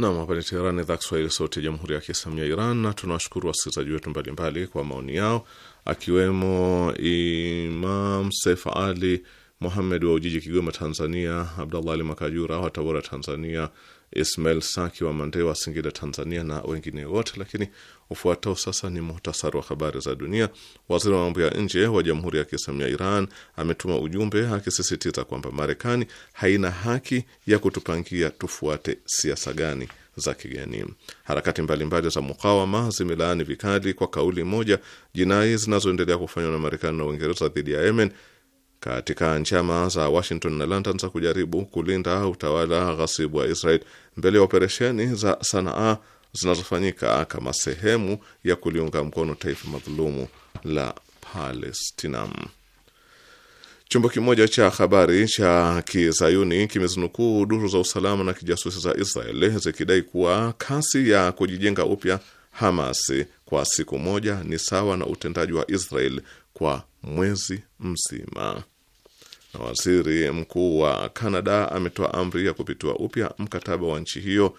Nam, hapa ni Teherani, idhaa Kiswahili, sauti ya jamhuri ya kiislamu ya Iran. Na tunawashukuru wasikilizaji wetu mbalimbali kwa maoni yao, akiwemo Imam Saif Ali Muhamed wa Ujiji, Kigoma, Tanzania, Abdallah Ali Makajura wa Tabora, Tanzania, Ismail Saki wa mandewa Singida, Tanzania na wengine wote. Lakini Ufuatao sasa ni muhtasari wa habari za dunia. Waziri wa mambo ya nje wa Jamhuri ya Kiislamu ya Iran ametuma ujumbe akisisitiza kwamba Marekani haina haki ya kutupangia tufuate siasa gani za kigeni. Harakati mbalimbali za mukawama zimelaani vikali kwa kauli moja jinai zinazoendelea kufanywa na Marekani na Uingereza dhidi ya Yemen katika njama za Washington na London za kujaribu kulinda utawala ghasibu wa Israel mbele ya operesheni za Sanaa zinazofanyika kama sehemu ya kuliunga mkono taifa madhulumu la Palestina. Chombo kimoja cha habari cha kizayuni kimezinukuu duru za usalama na kijasusi za Israel zikidai kuwa kasi ya kujijenga upya Hamas kwa siku moja ni sawa na utendaji wa Israel kwa mwezi mzima. Na waziri mkuu wa Kanada ametoa amri ya kupitiwa upya mkataba wa nchi hiyo